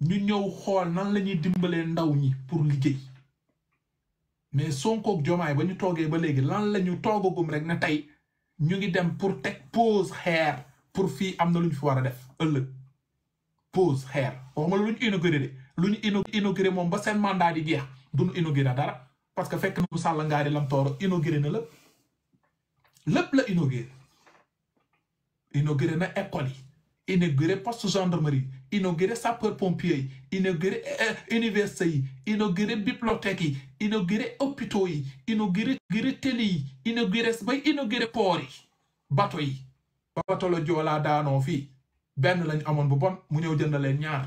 ñu ñëw xool nan la ñuy dimbalee ndaw ñi pour liggéey mais Sonko ak ba ñu toogee ba léegi lan la ñu toogagum rek ne tey ñu ngi dem pour teg pause xeer pour fii am na lu ñu fi war a def ëllëg pause xeer waxuma lu ñu inauguré de lu ñu inauguré moom ba seen mandat di jeex du ñu inauguré dara parce que fekk na mu sàll ngaari lam tooro inauguré na lépp lépp la inauguré inauguré na école yi. inaugurer poste gendarmerie inaugurer sapeur pompier inaugurer inauguré euh, université inaugurer bibliothèque inaugurer hôpitaux yi télé yi inauguré bay inauguré port bateau. Bateau le bato la joolaa daanoo fii Ben lañ amoon bu bon mu ñëw jënd ñaar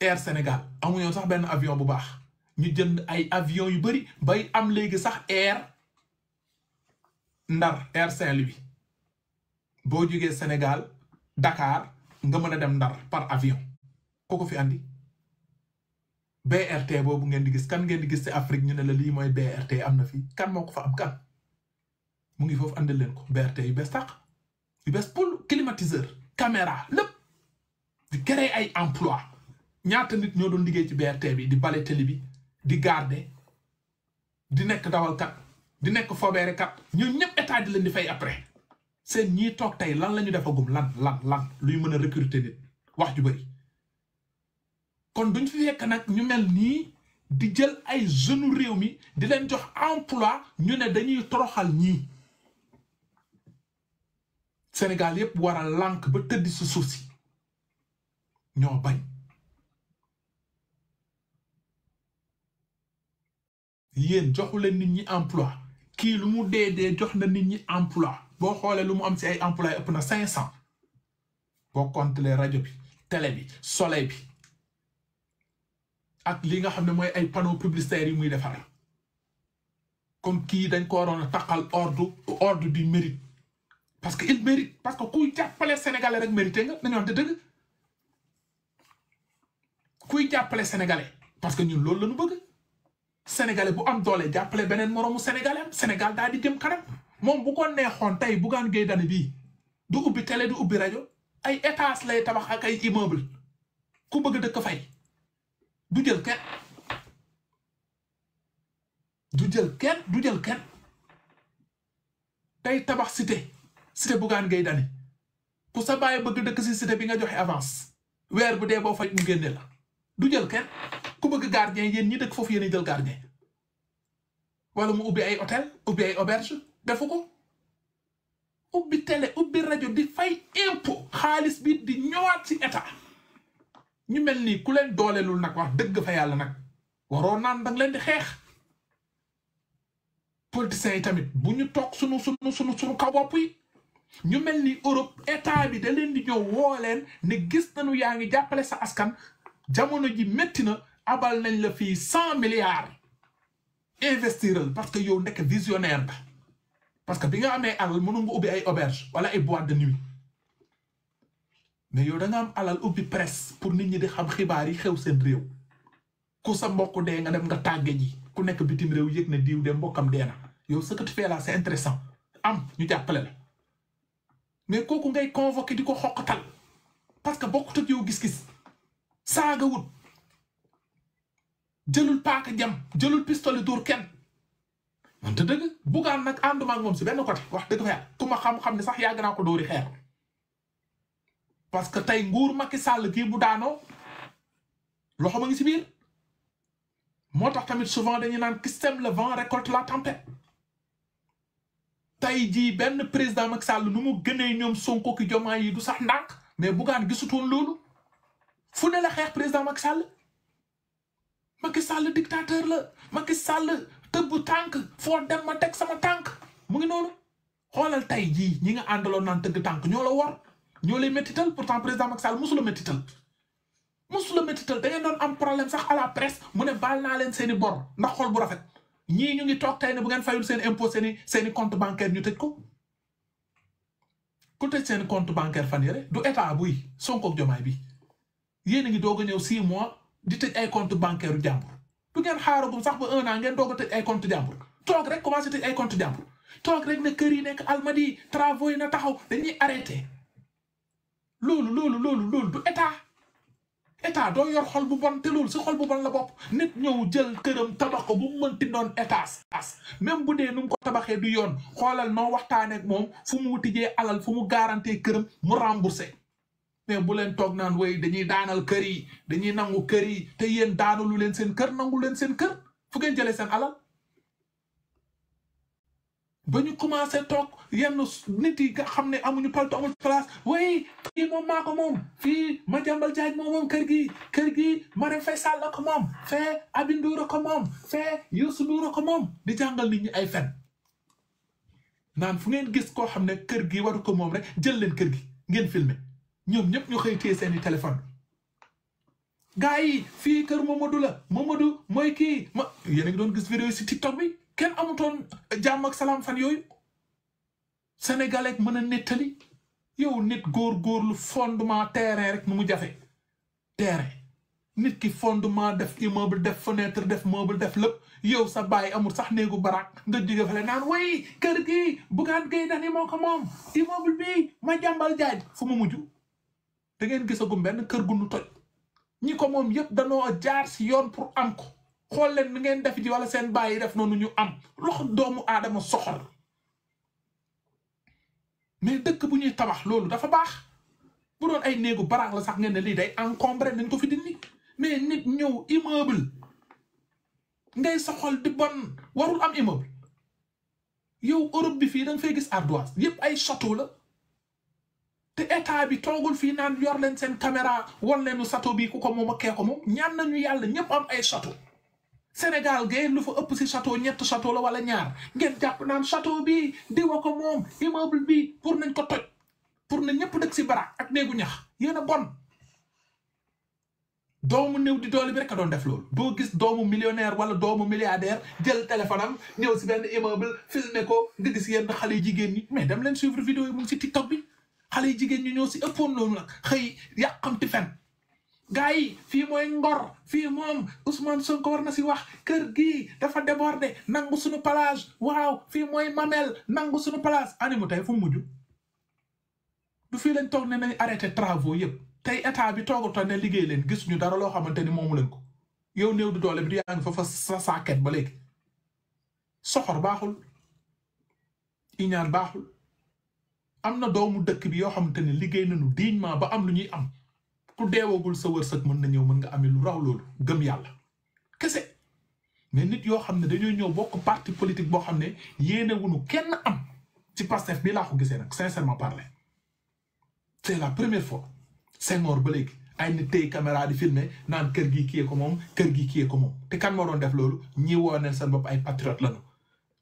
Air Sénégal amuñoo sax ben avion bu baax ñu jënd ay avion yu bari bay am sax air Nar air Saint-Louis boo au Sénégal Dakar nga dem par avion kooku fi andi BRT vous ngeen di gis kan ngeen di Afrique ñu la BRT fi kan fa am kan mu ngi ko BRT yu climatiseur caméra lepp di créer ay emploi ñaata nit ñoo doon liggéey ci BRT bi di télé bi di garder di di kat ñun état di après seen ñii toog tey lan la ñu defagum lan lan lan luy mën a recruter nit wax ju bëri kon duñ fi fekk nag ñu mel nii di jël ay jeunes réew mi di leen jox emploi ñu ne dañuy toroxal ñii Sénégal yépp waral lànk ba tëdd si suuf si ñoo bañ yéen joxu leen nit ñi emploi kii lu mu dee dee jox na nit ñi emploi boo xoolee lu mu am si ay emploi ëpp na cinq cent boo compter rajo bi télé bi soleil bi ak lii nga xam ne mooy ay panneau publicitaire yi muy defar kon kii dañ ko waroon a taqal ordre ordre du mérite parce que il mérite parce que kuy jàppale sénégalais rek mérité nga nañu wax dëgg kuy jàppale sénégalais parce que ñun loolu la ñu bëgg. sénégalais bu am doole jàppale beneen moroomu sénégalais am Sénégal daal di jëm kanam moom bu ko neexoon tey Bougane Gueye Dany bii du ubbi télé du ubbi rajo ay étages lay tabax ak ay immeuble ku bëgg dëkk fay du jël kenn du jël kenn du jël kenn tey tabax cité cité Bougane Gueye Dany ku sa bàyyi bëgg dëkk si cité bi nga joxe avance weer bu dee boo faj mu génne la du jël kenn ku bëgg gardien yéen ñi dëkk foofu yéen a jël gardien wala mu ubbi ay hôtel ubbi ay auberge defu ko ubbi télé ubbi rajo di fay impôt xaalis bi di ñëwaat ci état ñu mel nii ku leen dooleelul nag wax dëgg fa yàlla nag waroo naan danga leen di xeex politiciens yi tamit bu ñu toog sunu sunu sunu sunu kaw bopp yi ñu mel ni Europe état bi da leen di ñëw woo leen ne gis nañu yaa ngi jàppale sa askan jamono ji métti na abal nañ la milliards investir parce que yow nek visionnaire parce que bi nga des alal mënu auberge wala ay boîte de nuit mais yow da nga am alal presse pour nit ñi di xam xibaar yi xew seen réew ku sa mbokk de nga dem nga ji ku ne des ce que tu fais là c'est intéressant am ñu des mais kooku ngay convoquer diko parce que bokku tok yow gis-gis saga wut jëlul paaka jam jëlul pistolet dóor kenn man te dëgg bugaan nag ànduma ak moom si benn côté wax dëgg fa yàlla ma xam-xam ne sax yàgg naa ko dóori xeer parce que tey nguur Macky Sall kii bu daanoo loo ma ngi si biir moo tax tamit souvent dañuy naan qui sème le vent récolte la tempête tey jii benn président Macky Sall nu mu gënee ñoom Sonko ki jomaa yi du sax ndànk mais bugaan gisutoon loolu fu ne la xeex président Macky Sall Macky Sall dictateur la Macky Sall tëbbu tànk foo dem ma teg sama tànk mu ngi noonu xoolal tey jii ñi nga àndaloon naan tëgg tànk ñoo la wor ñoo lay métital pourtant président Macky Sall mosu la métital mosu la métital da ngeen doon am problème sax à la mu ne baal naa leen seen i bor ndax xol bu rafet ñii ñu ngi toog tey ne bu ngeen fayul seen impôt seen i seen i compte bancaire ñu tëj ko ku tëj seen compte bancaire fan yëre du état buy Sonko ak Jomaay a ngi doog a mois di tëj ay compte bancaire u jàmbur du ngeen xaaragum sax ba un an ngeen doog a tëj ay compte jàmbur toog rek commencé tëj ay compte jàmbur toog rek ne kër yi nekk almadi travaux yi na taxaw dañuy arrêté loolu loolu loolu loolu du état état doo yor xol bu bon te loolu si xol bu bon la bopp nit ñëw jël këram tabax ko bu mu mënti doon état as même bu dee nu mu ko tabaxee du yoon xoolal noo waxtaaneek moom fu mu wutijee alal fu mu garantie këram mu remboursé mais bu leen toog naan way dañuy daanal kër yi dañuy nangu kër yi te yéen daanalu leen seen kër nangu leen seen kër fu geen jëlee seen alal ba ñu commencé toog yenn nit yi xam ne amuñu palto amul place way kii moom maa moom fii Madiambal Diagne moom moom kër gi kër gi Marème Faye Sall la ko moom fee Aby Ndour ko moom fee Youssou Ndour ko moom di jàngal nit ñi ay fen naan fu ngeen gis koo xam ne kër gi waru ko moom rek jël leen kër gi ngeen filme ñoom ñëpp ñu xëy téye seeni téléphone gars yi fii kër Mamadou la Mamadou mooy kii ma yéen a ngi doon gis vidéo yi si TikTok bi kenn amutoon jàmm ak salaam fan yooyu sénégalais mën a nettali yow nit góor-góorlu fondement terrain rek nu mu jafe terrain nit ki fondement def immeuble def fenêtre def meuble def lépp yow sa baay amul sax néegu barak nga jóge fale naan way kër gi bugaan gay dani moo ko moom immeuble bi ma jàmbal jaaj fu mu mujj da ngeen gisagum benn kër gu nu toj ñi ko moom yëpp danoo jaar si yoon pour am ko xool leen ngeen def ji wala seen bàyyi def noonu ñu am loxo doomu aadama soxor mais dëkk bu ñuy tabax loolu dafa baax bu doon ay néegu baraak la sax ngeen ne lii day encombré nañ ko fi dindi mais nit ñëw immeuble ngay soxol di bon warul am immeuble yow Europe bi fii da nga gis ardoise yëpp ay château la. te état bi toogul fii naan yor leen seen caméra won leenu château bi ku ko moom ak kee moom ñaan nañu yàlla ñëpp am ay château senegal gay lu fa ëpp si château ñett château la wala ñaar ngeen jàpp naan château bi diwa ko moom immeuble bi pour nañ ko toj pour na ñëpp dëkk si barak ak néegu ñax yéen a bon doomu néew di doole bi rek doon def loolu boo gis doomu millionnaire wala doomu milliardaire jël téléphone am ñëw si benn immeuble filmé ko nga gis yenn xale jigéen ñi mais dem leen suivre vidéo si TikTok bi xale yi jigéen ñu ñoo si ëppoon loolu nag xëy yàqamti fen gars yi fii mooy ngor fii moom Ousmane Sonko war na si wax kër gi dafa débordé nangu suñu plage waaw fii mooy Mamel nangu suñu plage animu tey fu mujj du fii lañ toog ne nañ arrêté travaux yëpp tey état bi ta ne liggéey leen gis ñu dara loo xamante ni moomu leen ko yow néew du doole bi du yaa ngi fa sa saaket ba léegi soxor baaxul i iñaan baaxul am na doomu dëkk bi yoo xamante ne liggéey nañu dignement ba am lu ñuy am ku deewagul sa wërsëg mën na ñëw mën nga amee lu raw loolu gëm yàlla kese mais nit yoo xam ne dañoo ñëw bokk parti politique boo xam ne yéene wunu kenn am ci Pastef bi laa ko gisee nag sincèrement parler c'est la première fois Senghor ba léegi ay nit tey caméra di filmer naan kër gi kii ko moom kër gi kii ko moom te kan moo doon def loolu ñi woo ne seen bopp ay patriote la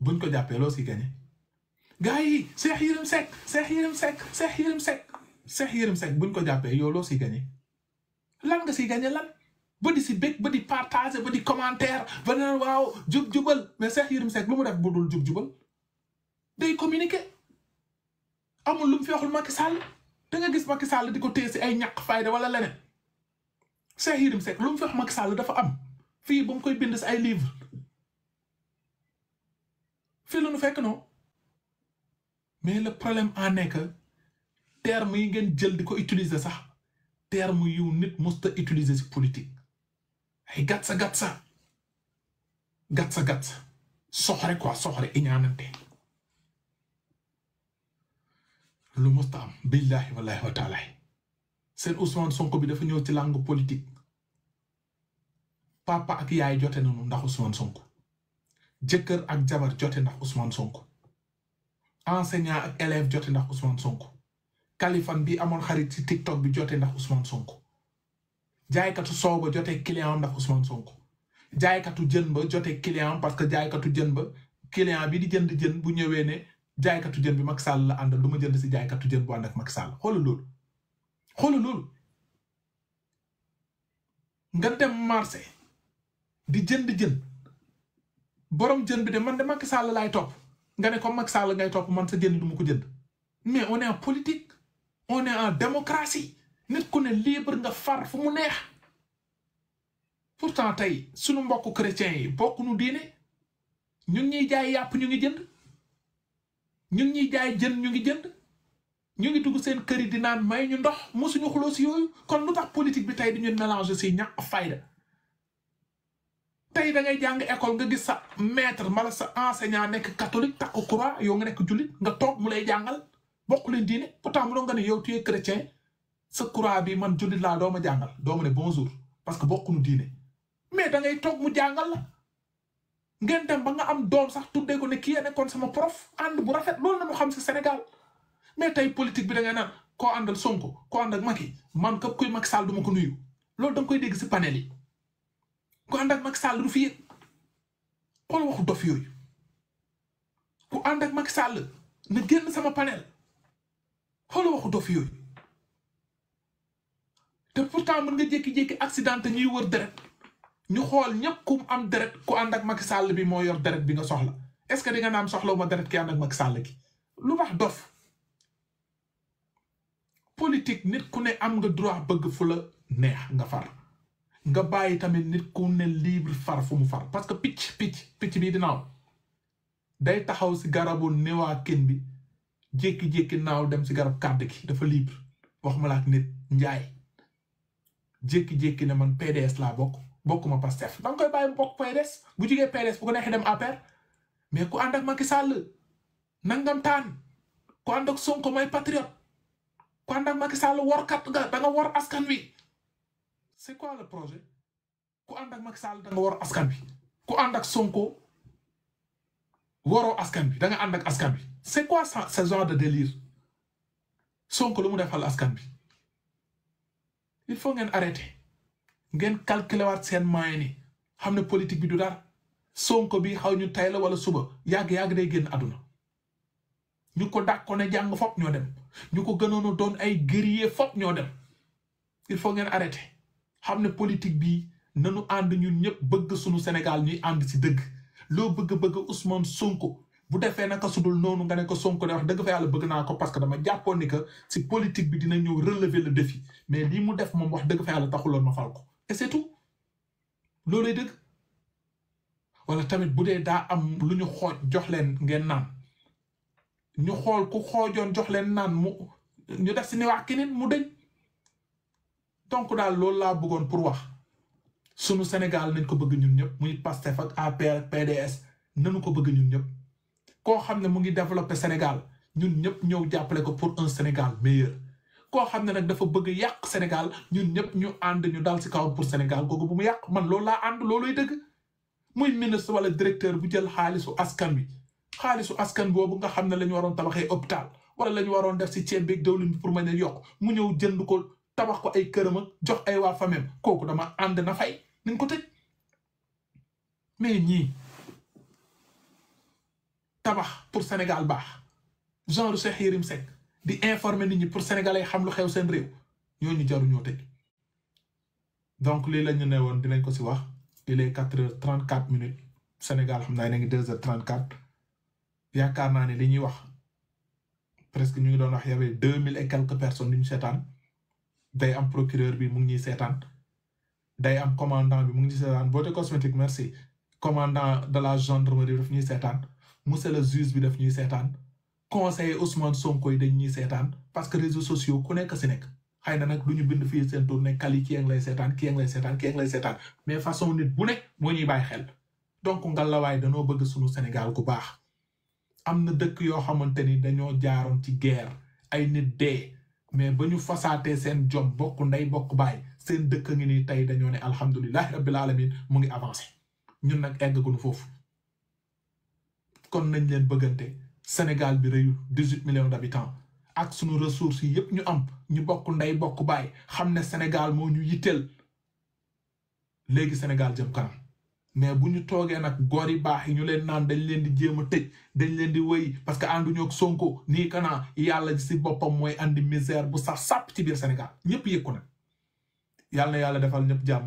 buñ ko jàppee loo si gagné gars yi Cheikh Yérim Seck Cheikh Yérim Seck Cheikh Yérim Seck buñ ko jàppee yow loo si gagné lan nga si gagné lan ba di si bëgg ba di partager ba di commentaire ba ne waaw jub mais Cheikh Yérim Seck lu mu def bu jub jubal day communiquer amul lu feexul fi waxul Macky Sall nga gis Macky Sall di ko téye si ay ñàkk fayda wala leneen Cheikh Yérim Seck lu mu fi wax dafa am fii ba koy bind si ay livre fii la ñu fekk non mais le problème en est que terme yi ngeen jël di ko utiliser sax terme yu nit musta utiliser ci politique ay gatsa gatsa gatsa gatsa soxore quoi soxore iñaanante lu musta am billahi wallahi wa taala seen Ousmane Sonko bi dafa ñëw ci langue politique papa ak yaay jote nañu ndax Ousmane Sonko jëkkër ak jabar jotté ndax Ousmane Sonko enseignant ak élève jotté ndax Ousmane Sonko kalifan bi amon xarit ci TikTok bi jotté ndax Ousmane Sonko jaay soow ba jotté client ndax Ousmane Sonko jaaykatu jeun ba jotté client parce que jaaykatu jeun ba client bi di jënd jeun bu né jaay jaaykatu jeun bi Macky Sall la and luma ci si jaaykatu jeun bu maksal ak Macky Sall xol lool xol lool nga dem marché di jënd jeun borom jën bi de man de Macky Sall laay topp nga ne ko Macky Sall ngay topp man sa jënd du ma ko jënd mais on est en politique on est en démocratie nit ku ne libre nga far fu mu neex pourtant tey sunu mbokku chrétiens yi bokk nu diine ñun ñuy jaay yàpp ñu ngi jënd ñun ñuy jaay jënd ñu ngi jënd ñu ngi dugg seen kër yi di naan may ñu ndox suñu xuloo si yooyu kon lu tax politique bi tey di ñu mélanger si ñàkk fayda tay da ngay jang école nga gis sa maître mala sa enseignant nek catholique ko croix yo nga nek jullit nga tok mou lay jangal bokk len diine pourtant mou nga ne yow tu es chrétien sa croix bi man la ma ne bonjour parce que bokkuñu diine mais da ngay tok mou jangal la ngeen dem ba nga am dom sax tuddee ko ne ki ene kon sama prof and bu rafet lol na mo xam ci Sénégal mais tay politique bi da ngay nan ko andal Sonko koo àndal maki man kep kuy mak sal duma ko nuyu lol dang koy dégg ci panel yi. ku ànd ak Macky sàll du fi xool waxu dof yooyu ku ànd ak Macky sàll na génn sama panel xool waxu dof yooyu te pourtant mën nga jékki-jékki accident te ñuy wër deret ñu xool ñëpp ku am deret ku ànd ak Macky sàll bi moo yor deret bi nga soxla est-ce que di nga naan soxla ma deret ki ànd ak Macky Sall ki lu wax dof politique nit ku ne am nga droit bëgg fu la neex nga far. nga bayyi tamit nit ku ne libre far fu mu far parce que pitch pitch pitch bi dinaaw day taxaw si garabu newa kenn bi jekki jekki naaw dem si garab kàdd gi dafa libre waxuma la ak nit njaay jekki jekki ne man PDS laa bokk bokkuma Pastef da koy bàyyi bokk PDS bu jugee PDS bu ko neexee dem APR mais ku ànd ak Macky Sall nangam taan ku andak ak Sonko may patriote ku andak ak Macky Sall warkat nga da nga war askan wi c'est quoi le projet ku andak ak Macky Sall da nga war askan bi ku andak Sonko waroo askan bi da nga andak askan bi c'est quoi ça ce genre de délire Sonko lu mu defal askan bi il faut ngeen arrêter ngeen calculer wat sen moyens yi politique bi du dar Sonko bi xawñu tayla wala suba yag yag day genn aduna ñu ko dàkkoon ne jàng fop ñoo dem ñu ko gënoon doon ay guerrier fop ñoo dem il faut ngeen arrêter xam ne politique bi nanu ànd ñun ñëpp bëgg sunu Sénégal ñuy ànd si dëgg loo bëgg-bëgg Ousmane Sonko bu defee naka sudul noonu nga ne ko Sonko ne wax dëgg fa yàlla bëgg naa ko parce que dama jàppoon ni que si politique bi dina ñëw relever le défi mais lii mu def moom wax dëgg fa yàlla taxuloon ma fal ko et c'est tout loolay dëgg wala tamit bu dee daa am lu ñu xooj jox leen ngeen naan ñu xool ku xoojoon jox leen naan mu ñu def si ne waa keneen mu deñ donc dal lola la bëggon pour wax sunu Sénégal nañ ko bëgg ñun ñëpp muy PASTEF ak APR PDS nañu ko bëgg ñun ñëpp ko xamne mu ngi développer Sénégal ñun ñëpp ñëw jappalé ko pour un Sénégal meilleur ko xamne nak dafa bëgg yaq Sénégal ñun ñëpp ñu and ñu dal si kaw pour Sénégal gogu bu mu yaq man lola la and loluy dëgg muy ministre wala directeur bu jël xaalisu askan bi xaalisu askan bobu nga xamne lañu waron tabaxé hôpital wala lañu waron def ci ceeb dawlin pour yok mu ñëw jënd ko. tabax ko ay kërëm ak jox ay waa famem kooku dama ànd na fay nañ ko tëj mais ñii tabax pour Sénégal baax genre Cheikh Yérim Seck di informer nit ñi pour sénégalais xam lu xew seen réew ñooñu jaru ñoo tëj donc lii lañu ñu ne woon dinañ ko si wax il est quatre heures trente quatre minutes Sénégal xam naa ne ngi deux heures trente quatre yaakaar naa ne li ñuy wax presque ñu ngi doon wax y avait deux mille et quelques personnes ñu seetaan day am procureur bi mu ngi ñuy day am commandant bi mu ngi ñuy beauté cosmétique merci commandant de la gendarmerie daf ñuy seetaan monsieur le juge bi daf ñuy seetaan conseiller Ousmane Sonko yi dañ ñuy seetaan parce que réseaux sociaux ku nekk si nekk xëy nak duñu bind fi sen tour ne kali ki a lay seetaan ki a lay seetaan ki a lay seetaan mais façon nit bu nekk mo ñuy bàyyi xel donc ngallaawaay dañu bëgg suñu Sénégal ku baax amna dëkk yo xamanteni ni dañoo jaaroon ci guerre ay nit dee. mais ba ñu fasaatee seen jom bokk ndey bokk baay seen dëkk ngi ni tey dañoo ne alhamdulilahi rabbil alamin mu ngi avancé ñun nag eggaguñu foofu kon nañ leen bëggante Sénégal bi rëyul dix-huit millions d'habitants ak sunu ressources yi yëpp ñu am ñu bokk ndey bokk baay xam ne Sénégal moo ñu yitteel léegi Sénégal jëm kanam mais bu ñu toogee nag góor yi baax yi ñu leen naan dañ leen di jéem a tëj dañ leen di wéy parce que ànduñu ñook Sonko nii kanaa yàlla si boppam mooy andi misère bu sax sàpp ci biir Sénégal ñëpp yëkku na yàlla yàlla defal ñëpp jàmm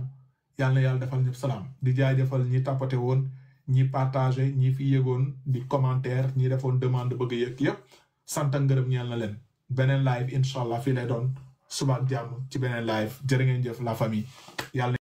yàlla na yàlla defal ñëpp salaam di jaajëfal ñi tapoté woon ñi partagé ñi fi yëgoon di commentaire ñi defoon demande bëgg yëg yëpp sant ak ngërëm ñeel leen beneen live incha allah fii lay doon suba ak jàmm ci beneen live jërë ngeen la famille yàlla